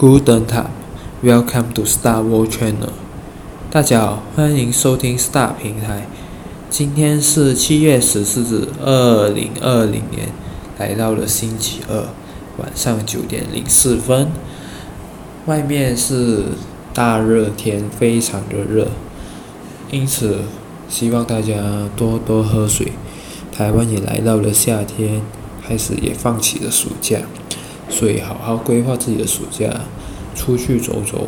Guten Tag, welcome to Stack's World Channel。大家好，歡迎收聽 Stack 平台。今天是七月十四日，二零二零年，來到了星期二，晚上九點零四分。外面是大熱天，非常的熱，因此希望大家多多喝水。台灣也來到了夏天，開始也放起了暑假。所以好好規劃自己的暑假，出去走走，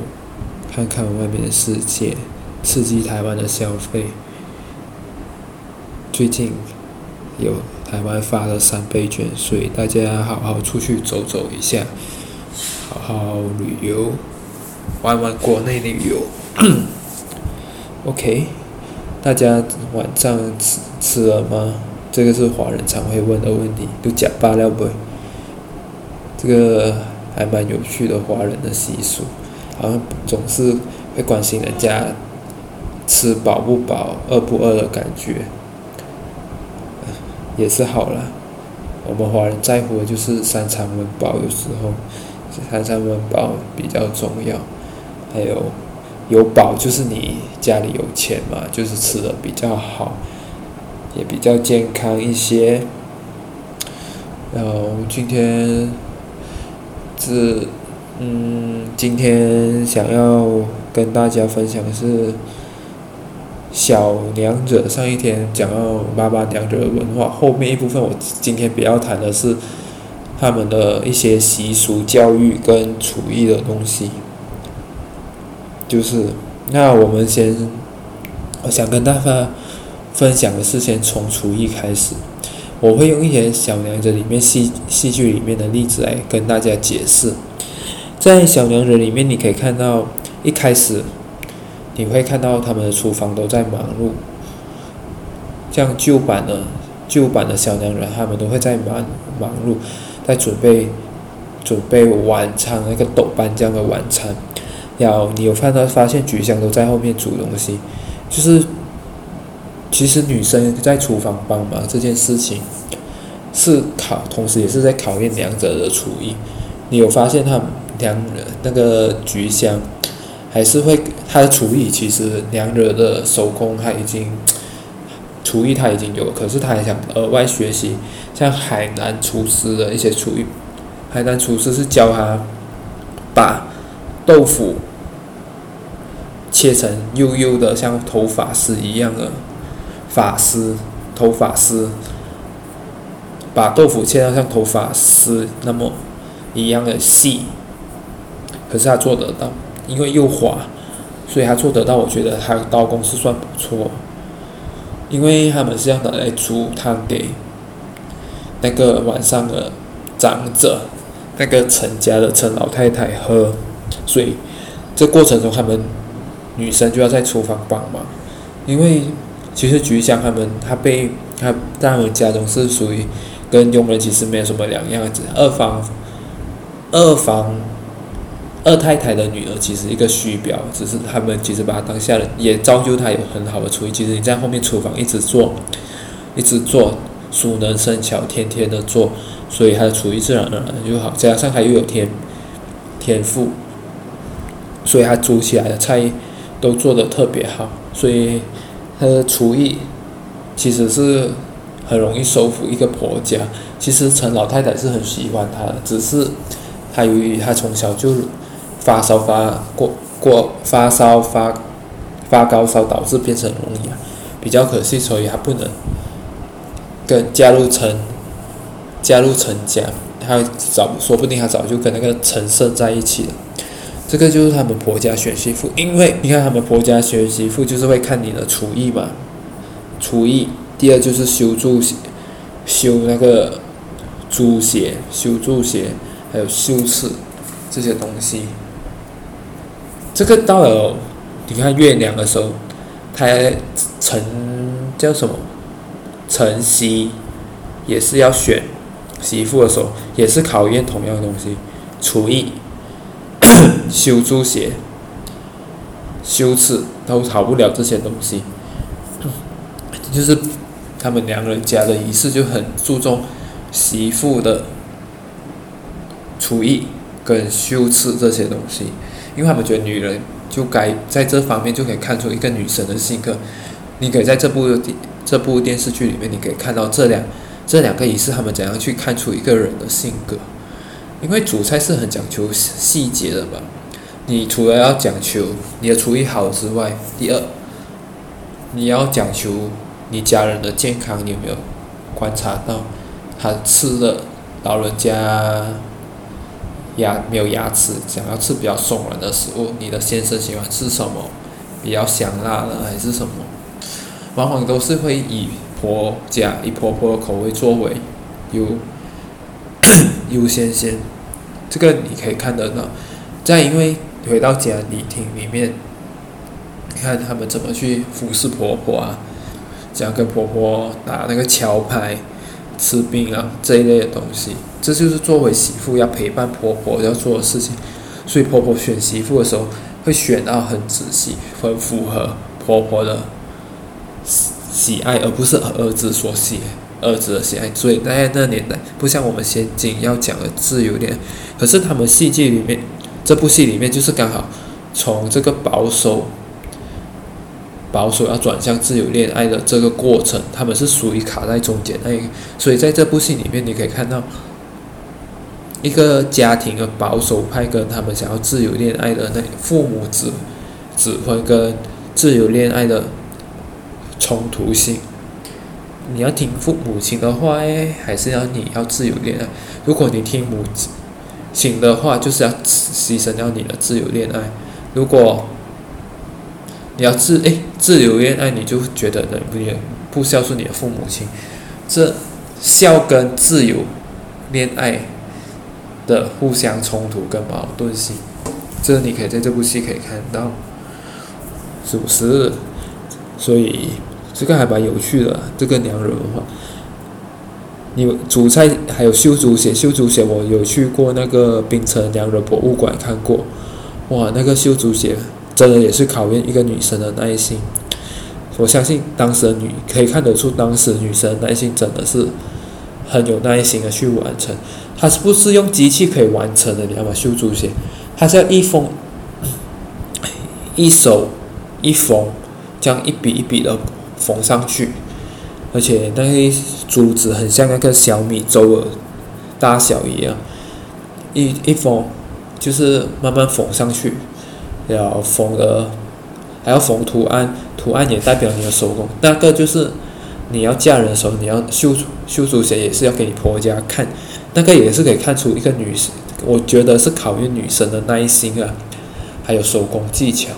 看看外面的世界，刺激台灣的消費。最近有台灣發了三倍券，所以大家好好出去走走一下，好好旅遊，玩玩國內旅遊。 OK，大家晚上吃吃了嗎？這個是華人常會問的問題，都吃飽了沒？這個還蠻有趣的華人的習俗，然後總是會關心人家吃飽不飽、餓不餓的感覺，也是好了。我們華人在乎的就是三餐溫飽，有時候三餐溫飽比較重要。還有有飽就是你家裡有錢嘛，就是吃的比較好，也比較健康一些。然後今天。是，嗯，今天想要跟大家分享的是小娘惹。上一天講到峇峇娘惹文化，後面一部分我今天比較談的是他們的一些習俗、教育跟廚藝的東西。就是，那我們先，我想跟大家分享的是，先從廚藝開始。我會用一些《小娘惹》裡面戲戲劇裡面的例子來跟大家解釋。在《小娘惹》裡面，你可以看到一開始，你會看到他們的廚房都在忙碌，像舊版的舊版的小娘惹，他們都會在忙忙碌，在準備準備晚餐，那個豆瓣這樣的晚餐，然後你有看到發現菊香都在後面煮東西，就是。其實女生在廚房幫忙這件事情，是考，同時也是在考驗兩者的廚藝。你有發現他兩那個菊香，還是會他的廚藝？其實兩者的手工他已經廚藝他已經有了，可是他還想額外學習，像海南廚師的一些廚藝。海南廚師是教他把豆腐切成幼幼的，像頭髮絲一樣的。髮絲，頭髮絲，把豆腐切到像頭髮絲那麼一樣的細，可是他做得到，因為又滑，所以他做得到。我覺得他的刀工是算不錯，因為他們是要拿來煮湯給那個晚上的長者，那個陳家的陳老太太喝，所以這過程中他們女生就要在廚房幫忙，因為。其實菊香他們，他被他帶回家中是屬於，跟傭人其實沒有什麼兩樣子。二房，二房，二太太的女兒其實一個虛表，只是他們其實把她當下人，也造就她有很好的廚藝。其實你在後面廚房一直做，一直做，熟能生巧，天天的做，所以她的廚藝自然而然就好，加上她又有天，天賦，所以她煮起來的菜都做得特別好，所以。他的廚藝其實是很容易收服一個婆家。其實陳老太太是很喜歡他的，只是他由於他從小就發燒發過過發燒發發高燒，導致變成聾啞，比較可惜，所以他不能跟加入陳加入陳家。他早說不定他早就跟那個陳勝在一起了。這個就是他們婆家選媳婦，因為你看他們婆家選媳婦，就是會看你的廚藝嘛，廚藝。第二就是繡珠鞋繡那個珠鞋，繡珠鞋，還有刺繡這些東西。這個到了，你看月娘的時候，他陳，叫什麼？陳錫也是要選媳婦的時候，也是考驗同樣的東西，廚藝。 修豬血、修刺都逃不了這些東西，就是他們兩個人家的儀式就很注重媳婦的廚藝跟修刺這些東西，因為他們覺得女人就該在這方面，就可以看出一個女生的性格。你可以在這部電這部電視劇裡面，你可以看到這兩這兩個儀式，他們怎樣去看出一個人的性格。因為主菜是很講求細節的吧，你除了要講求你的廚藝好之外，第二，你要講求你家人的健康，你有沒有觀察到他吃的，老人家牙沒有牙齒，想要吃比較鬆軟的食物。你的先生喜歡吃什麼？比較香辣的還是什麼？往往都是會以婆家、以婆婆的口味作為優優先先。這個你可以看得到，再因為回到家裡廳裡面，看他們怎麼去服侍婆婆啊，像跟婆婆打那個橋牌、吃餅啊這一類的東西，這就是作為媳婦要陪伴婆婆要做的事情。所以婆婆選媳婦的時候會選到很仔細、很符合婆婆的喜喜愛，而不是兒子所喜。兒子的喜愛，所以在那年代，不像我們現今要講的自由戀愛，可是他們戲劇裡面，這部戲裡面就是剛好從這個保守保守要轉向自由戀愛的這個過程，他們是屬於卡在中間那一個，所以在這部戲裡面你可以看到一個家庭的保守派跟他們想要自由戀愛的那父母子子婚跟自由戀愛的衝突性。你要聽父母親的話還是要你要自由戀愛？如果你聽母親的話，就是要犧牲掉你的自由戀愛。如果你要自誒自由戀愛，你就覺得的不也不孝順你的父母親？這孝跟自由戀愛的互相衝突跟矛盾性，這你可以在這部戲可以看到，是不是？所以。這個還蠻有趣的啊，這個娘惹的話，你主菜，還有繡竹鞋。繡竹鞋我有去過那個檳城娘惹博物館看過，哇，那個繡竹鞋真的也是考驗一個女生的耐心。我相信當時的女，可以看得出當時女生耐心真的是很有耐心的去完成。它是不是用機器可以完成的？你知道嗎？繡竹鞋，它是要一縫，一手一縫，這樣一筆一筆的。縫上去，而且那些珠子很像那個小米粥的大小一樣，一一縫，就是慢慢縫上去，要縫的，還要縫圖案，圖案也代表你的手工。那個就是你要嫁人的時候，你要繡繡珠鞋也是要給你婆家看，那個也是可以看出一個女生，我覺得是考驗女生的耐心啊，還有手工技巧。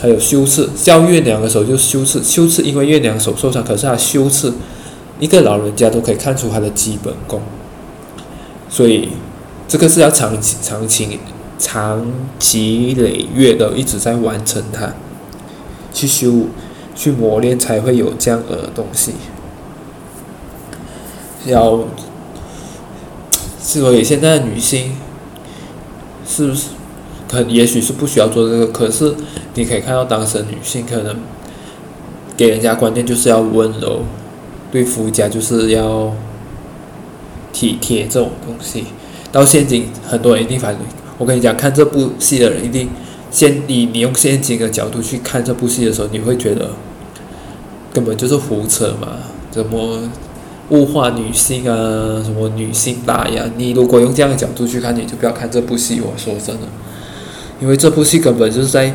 還有修刺，教月娘的時候就修刺、修刺，因為月娘手受傷，可是她修刺，一個老人家都可以看出她的基本功，所以這個是要長期、長期、長期累月的一直在完成它，去修、去磨練，才會有這樣的東西。要，所以現在的女性，是不是？很也許是不需要做這個，可是你可以看到，當時女性可能給人家觀念就是要溫柔，對夫家就是要體貼這種東西。到現今，很多人一定反對。我跟你講，看這部戲的人一定先你你用現今的角度去看這部戲的時候，你會覺得根本就是胡扯嘛？怎麼物化女性啊？什麼女性大呀？你如果用這樣的角度去看，你就不要看這部戲。我說真的。因為這部戲根本就是在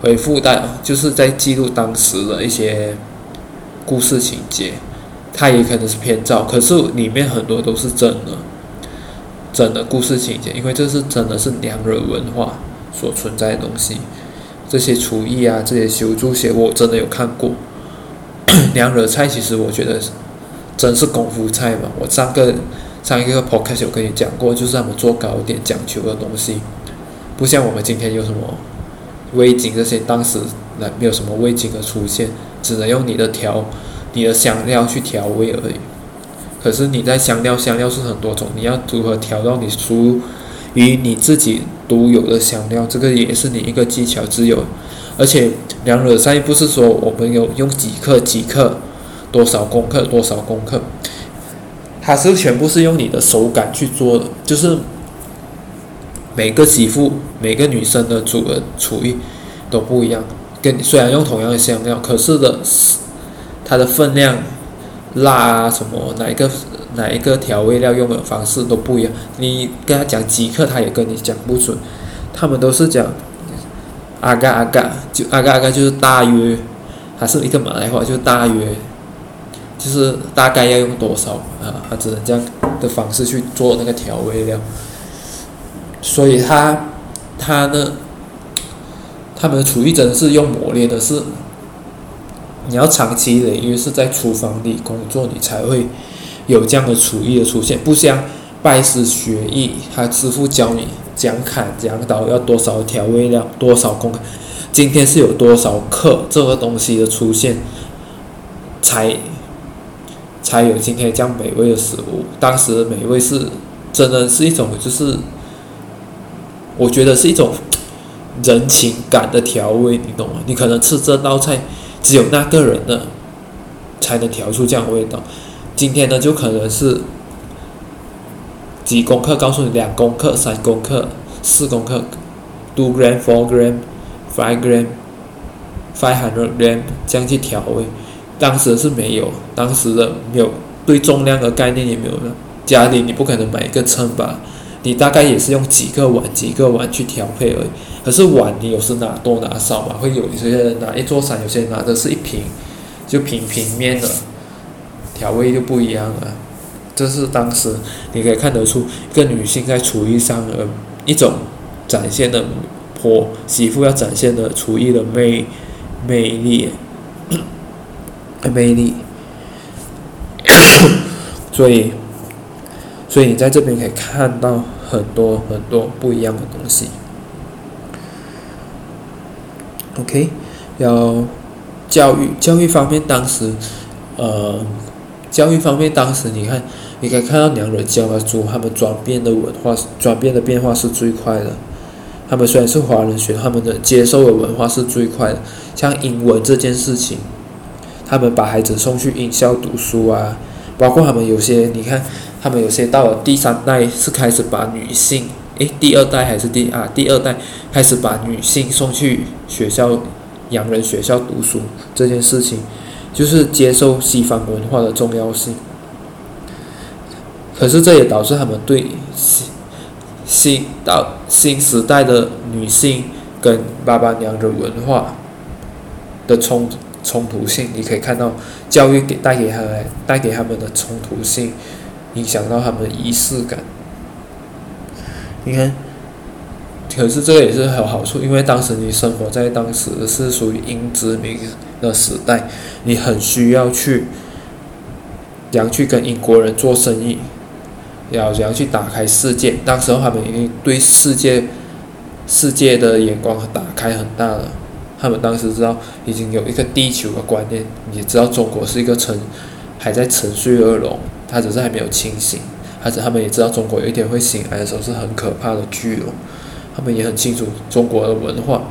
回復當，就是在記錄當時的一些故事情節，它也可能是編造，可是裡面很多都是真的，真的故事情節，因為這是真的是娘惹文化所存在的東西，這些廚藝啊，這些修築些我真的有看過。娘惹菜其實我覺得真是功夫菜嘛，我上個上一個 podcast 我跟你講過，就是他們做糕點講究的東西。不像我們今天有什麼味精這些，當時來沒有什麼味精的出現，只能用你的調，你的香料去調味而已。可是你在香料，香料是很多種，你要如何調到你屬於你自己獨有的香料，這個也是你一個技巧，之有。而且量熱三不是說我們有用幾克幾克，多少公克多少公克，它是全部是用你的手感去做的，就是。每個媳婦、每個女生的煮的廚藝都不一樣，跟你雖然用同樣的香料，可是的，它的分量、辣啊什麼，哪一個哪一個調味料用的方式都不一樣。你跟他講幾克，他也跟你講不準。他們都是講阿嘎阿嘎，就阿嘎阿嘎就是大約，還是一個馬來話，就是大約，就是大概要用多少啊？他只能這樣的方式去做那個調味料。所以他，他呢，他們的廚藝真的是用磨練的是，是你要長期的，因為是在廚房裡工作，你才會有這樣的廚藝的出現。不像拜師學藝，他師傅教你講，講砍講刀，要多少調味料，多少公，今天是有多少克這個東西的出現，才才有今天這樣美味的食物。當時的美味是真的是一種就是。我覺得是一種人情感的調味，你懂嗎？你可能吃這道菜，只有那個人的才能調出這樣味道。今天呢，就可能是幾公克告訴你，兩公克、三公克、四公克，two gram、four gram、five gram、five hundred gram 這樣去調味。當時是沒有，當時的沒有對重量的概念也沒有了，家裡你不可能買一個秤吧。你大概也是用幾個碗、幾個碗去調配而已，可是碗你有時拿多拿少嘛，會有有些人拿一座山，有些人拿的是一平，就平平面的調味就不一樣了。這是當時你可以看得出一個女性在廚藝上的一種展現的婆媳婦要展現的廚藝的魅魅力，魅力。所以，所以你在這邊可以看到。很多很多不一樣的東西。OK，要教育教育方面，當時，呃，教育方面當時，你看，你可以看到兩者的教，他們轉變的文化轉變的變化是最快的。他們雖然是華人學，他們的接受的文化是最快的。像英文這件事情，他們把孩子送去英校讀書啊，包括他們有些，你看。他們有些到了第三代是開始把女性，誒，第二代還是第啊，第二代開始把女性送去學校、洋人學校讀書這件事情，就是接受西方文化的重要性。可是這也導致他們對新新到新時代的女性跟峇峇娘的文化的衝衝突性，你可以看到教育給帶給他們帶給他們的衝突性。影響到他們的儀式感。你看，可是這個也是很有好處，因為當時你生活在當時是屬於英殖民的時代，你很需要去，想去跟英國人做生意，要想去打開世界。當時他們已經對世界，世界的眼光打開很大了，他們當時知道已經有一個地球的觀念，也知道中國是一個沉，還在沉睡的龍。他只是還沒有清醒，而且他們也知道中國有一天會醒來的時候是很可怕的巨龍，哦。他們也很清楚中國的文化，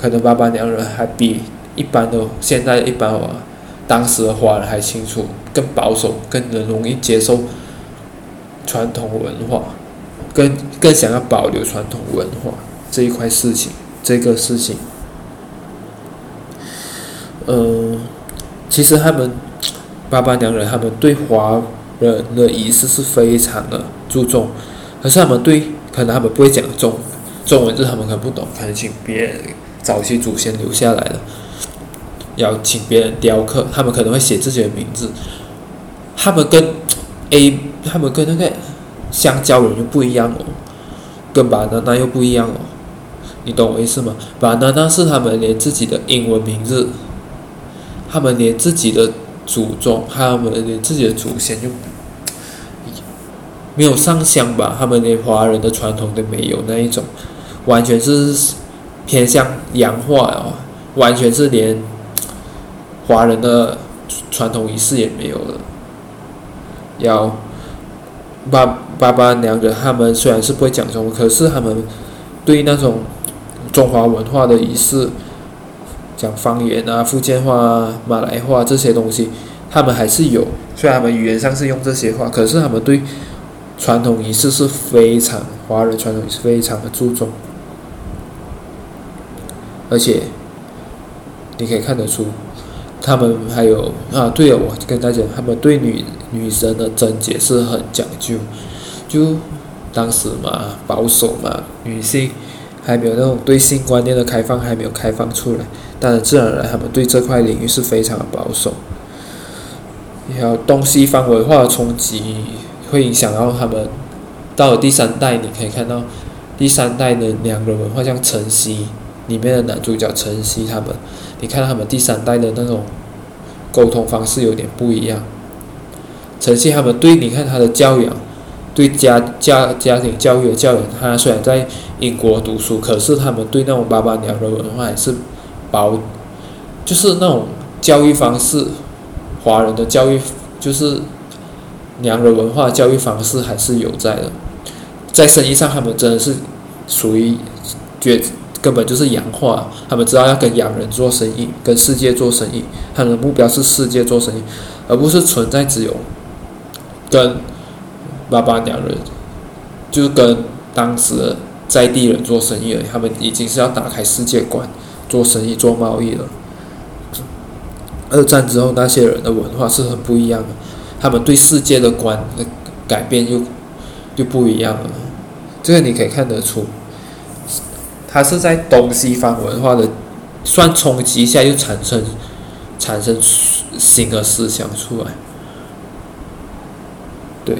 可能峇峇娘人還比一般的現在一般，當時的華人還清楚，更保守，更能容易接受傳統文化，更更想要保留傳統文化這一塊事情，這個事情，嗯、呃，其實他們峇峇娘人，他們對華。人的儀式是非常的注重，可是他們對，可能他們不會講中文，中文字，他們可能不懂，可能請別人早期祖先留下來的，要請別人雕刻，他們可能會寫自己的名字，他們跟 A，他們跟那個香蕉人又不一樣哦，跟 banana 又不一樣哦，你懂我意思嗎？banana 是他們連自己的英文名字，他們連自己的祖宗，他們連自己的祖先就。沒有上香吧？他們連華人的傳統都沒有那一種，完全是偏向洋化哦，完全是連華人的傳統儀式也沒有了。要峇峇娘惹他們雖然是不會講中文，可是他們對那種中華文化的儀式，講方言啊、福建話、馬來話這些東西，他們還是有。雖然他們語言上是用這些話，可是他們對。傳統儀式是非常，華人傳統儀式非常的注重，而且，你可以看得出，他們還有啊，對了，我跟大家講，他們對女女生的貞潔是很講究，就，當時嘛保守嘛，女性還沒有那種對性觀念的開放，還沒有開放出來，當然自然而然他們對這塊領域是非常的保守，然後東西方文化的衝擊。會影響到他們。到了第三代，你可以看到第三代的兩個文化，像晨曦裡面的男主角晨曦他們，你看他們第三代的那種溝通方式有點不一樣。晨曦他們對，你看他的教養，對家家家庭教育的教養，他雖然在英國讀書，可是他們對那種峇峇娘惹的文化還是包，就是那種教育方式，華人的教育就是。娘惹文化教育方式還是有在的，在生意上他們真的是屬於覺得根本就是洋化，他們知道要跟洋人做生意，跟世界做生意，他們的目標是世界做生意，而不是存在只有跟峇峇娘惹，就是跟當時的在地人做生意而已。他們已經是要打開世界觀，做生意做貿易了。二戰之後那些人的文化是很不一樣的。他們對世界的觀的改變就就不一樣了，這個你可以看得出，他是在東西方文化的算衝擊下又產生產生新的思想出來，對，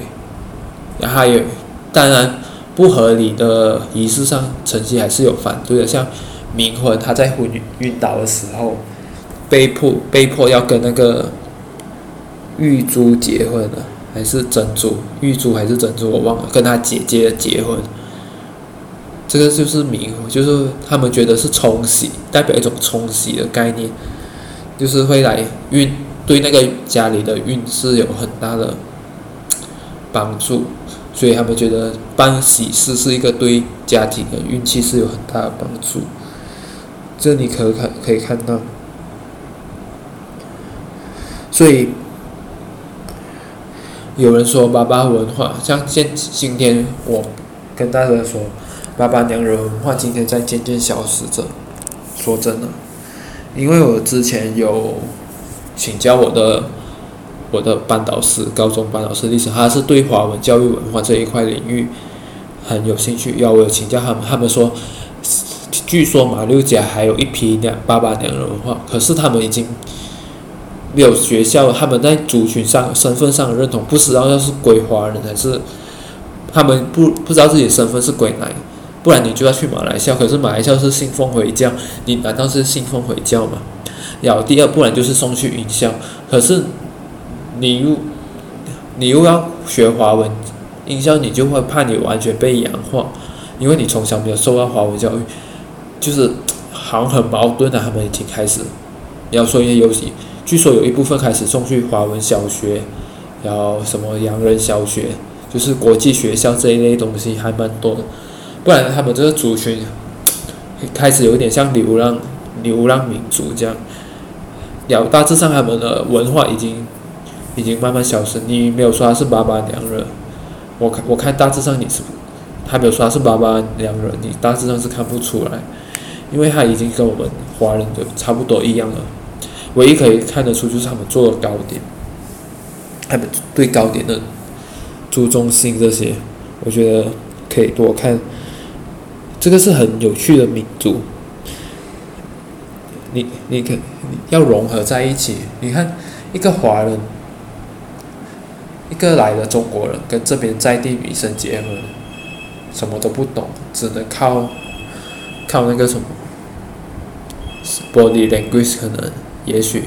然後還有當然不合理的儀式上，曾經還是有反對的，像冥婚，他在昏暈倒的時候，被迫被迫要跟那個。玉珠結婚了，還是珍珠？玉珠還是珍珠？我忘了。跟他姐姐結婚，這個就是冥婚，就是他們覺得是沖喜，代表一種沖喜的概念，就是會來運，對那個家裡的運勢有很大的幫助，所以他們覺得辦喜事是一個對家庭的運氣是有很大的幫助。這你可可可以看到，所以。有人說“峇峇文化”，像現今天我跟大家說，“峇峇娘惹文化”今天在漸漸消失着。說真的，因為我之前有請教我的我的班導師，高中班導師歷史，他是對華文教育文化這一塊領域很有興趣。要我請教他們，他們說，據說馬六甲還有一批兩峇峇娘惹文化，可是他們已經。沒有學校，他們在族群上、身份上的認同不知道要是歸華人還是，他們不不知道自己身份是歸哪，不然你就要去馬來西亞。可是馬來西亞是信奉回教，你難道是信奉回教嗎？然後第二，不然就是送去英校。可是，你又，你又要學華文，英校你就會怕你完全被洋化，因為你從小沒有受到華文教育，就是好像很矛盾的、啊。他們已經開始要說一些遊戲。據說有一部分開始送去華文小學，然後什麼洋人小學，就是國際學校這一類東西還蠻多的。不然他們這個族群開始有點像流浪、流浪民族這樣。然後大致上他們的文化已經已經慢慢消失。你沒有說他是峇峇娘惹人，我看我看大致上你是還沒有說他是峇峇娘惹人，你大致上是看不出來，因為他已經跟我們華人就差不多一樣了。唯一可以看得出就是他們做的糕點，他們對糕點的注重性這些，我覺得可以多看。這個是很有趣的民族，你你可要融合在一起。你看一個華人，一個來的中國人跟這邊在地女生結合，什麼都不懂，只能靠靠那個什麼，body language 可能。也許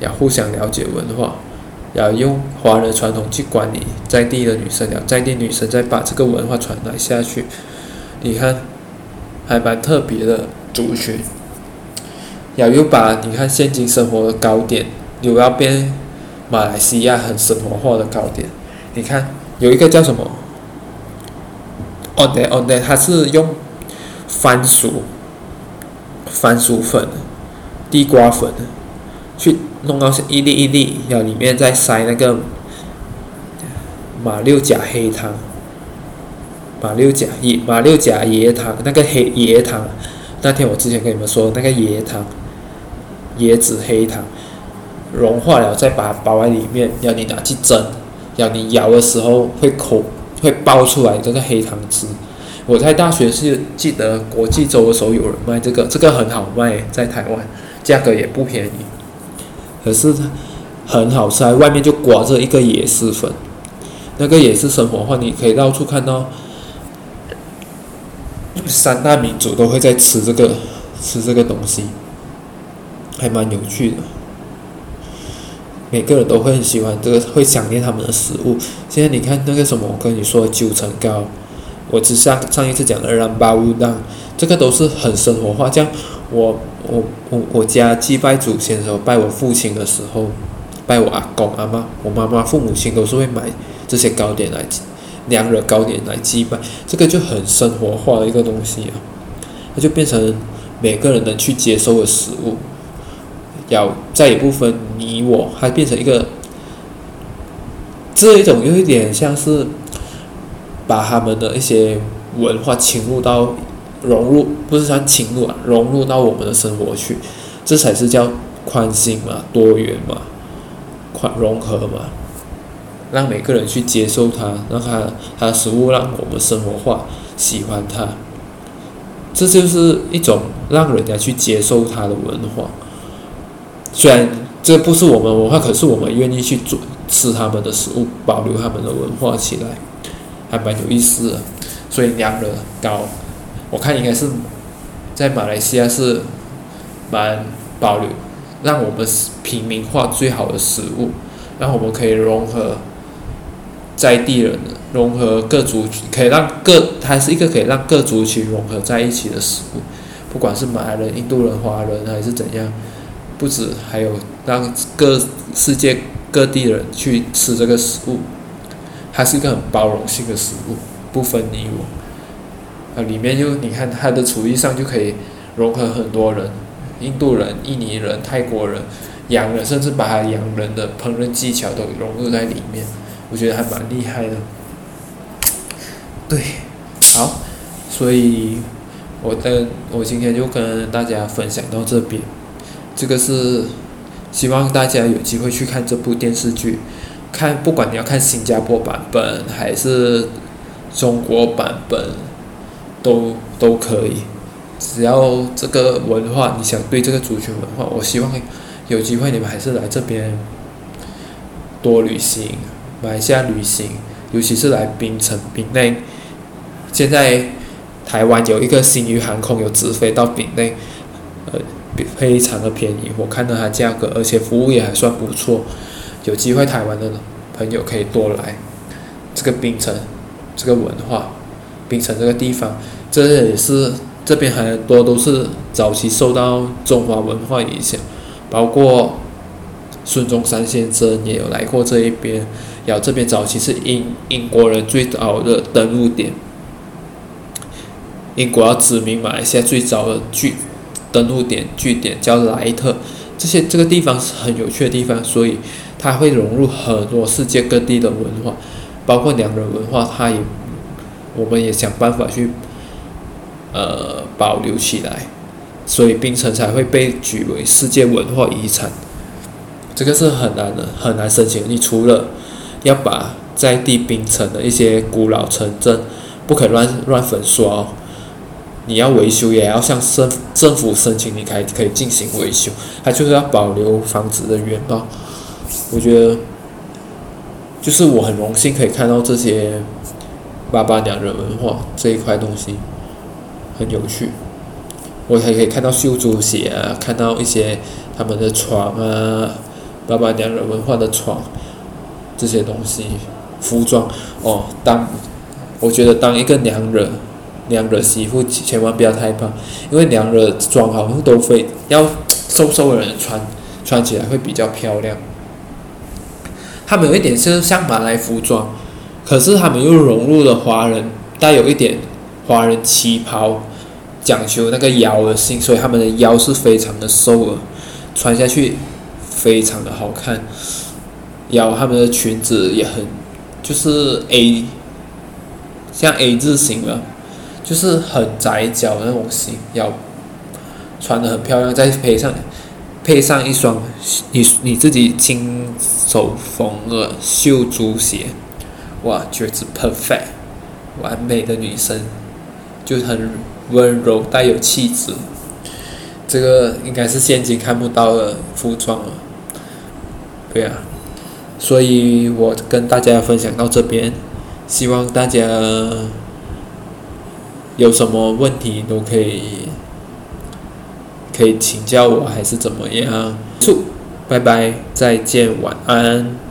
要互相了解文化，要用華人傳統去管理在地的女生聊，聊在地女生再把這個文化傳來下去。你看，還蠻特別的族群。要又把你看現今生活的糕點，又要變馬來西亞很生活化的糕點。你看有一個叫什麼？ondeh ondeh 它是用番薯、番薯粉、地瓜粉。去弄到一粒一粒，然後裡面再塞那個馬六甲黑糖，馬六甲椰，馬六甲椰、椰糖，那個黑椰糖，那天我之前跟你們說那個椰糖，椰子黑糖，融化了再把它包在裡面，要你拿去蒸，要你咬的時候會口會爆出來這個黑糖汁。我在大學是記得國際週的時候有人賣這個，這個很好賣，在台灣，價格也不便宜。可是它很好吃啊，外面就裹着一個椰絲粉，那個也是生活化，你可以到處看到，三大民族都會在吃這個，吃這個東西，還蠻有趣的，每個人都會很喜歡這個，會想念他們的食物。現在你看那個什麼，我跟你說的九層糕，我之前上一次講的燃包肉蛋，這個都是很生活化這樣。我我我我家祭拜祖先的時候，拜我父親的時候，拜我阿公阿媽，我媽媽父母親都是會買這些糕點來，娘惹糕點來祭拜，這個就很生活化的一個東西啊，它就變成每個人能去接受的食物，要，再也不分你我，還變成一個這一種有一點像是把他們的一些文化侵入到。融入，不是像侵入啊，融入到我們的生活去，這才是叫寬心嘛，多元嘛，寬融合嘛，讓每個人去接受它，讓它它的食物讓我們生活化，喜歡它，這就是一種讓人家去接受它的文化。雖然這不是我們文化，可是我們願意去做吃他們的食物，保留他們的文化起來，還蠻有意思的。所以兩個人搞。我看應該是，在馬來西亞是蠻保留，讓我們平民化最好的食物，然後我們可以融合在地人的融合各族群，可以讓各，它是一個可以讓各族群融合在一起的食物，不管是馬來人、印度人、華人還是怎樣，不止還有讓各世界各地人去吃這個食物，它是一個很包容性的食物，不分你我。裡面就你看他的廚藝上就可以融合很多人，印度人、印尼人、泰國人、洋人，甚至把他洋人的烹飪技巧都融入在裡面，我覺得還蠻厲害的。對，好，所以我的，我跟我今天就跟大家分享到這邊。這個是，希望大家有機會去看這部電視劇，看不管你要看新加坡版本還是中國版本。都都可以，只要這個文化，你想對這個族群文化，我希望有機會你們還是來這邊多旅行，馬來西亞旅行，尤其是來檳城、檳內。現在臺灣有一個星宇航空有直飛到檳內，呃，非常的便宜，我看到它價格，而且服務也還算不錯。有機會臺灣的朋友可以多來這個檳城，這個文化。檳城這個地方，這也是這邊還很多都是早期受到中華文化影響，包括孫中山先生也有來過這一邊，然後這邊早期是英英國人最早的登陸點，英國要殖民馬來西亞最早的據登陸點據點叫萊特，這些這個地方是很有趣的地方，所以它會融入很多世界各地的文化，包括娘惹文化它也。我們也想辦法去，呃，保留起來，所以檳城才會被舉為世界文化遺產，這個是很難的，很難申請。你除了要把在地檳城的一些古老城鎮，不可以亂亂粉刷，哦，你要維修也要向政政府申請，你才可以進行維修。它就是要保留，房子的原貌啊。我覺得，就是我很榮幸可以看到這些。峇峇娘惹文化這一塊東西很有趣，我還可以看到繡珠鞋啊，看到一些他們的床啊，峇峇娘惹文化的床這些東西，服裝哦，當我覺得當一個娘惹，娘惹媳婦千萬不要太胖，因為娘惹裝好像都非要瘦瘦的人穿，穿起來會比較漂亮。他們有一點是像馬來服裝。可是他們又融入了華人，帶有一點華人旗袍，講究那個腰的型，所以他們的腰是非常的瘦的，穿下去非常的好看。腰他們的裙子也很就是 A，像 A 字型的，就是很窄腳的那種型腰，穿的很漂亮。再配上配上一雙你你自己親手縫的繡珠鞋。哇，絕子 perfect，完美的女生，就很溫柔，帶有氣質。這個應該是現今看不到的服裝了。對啊，所以我跟大家分享到這邊，希望大家有什麼問題都可以可以請教我，還是怎麼樣？結束，拜拜，再見，晚安。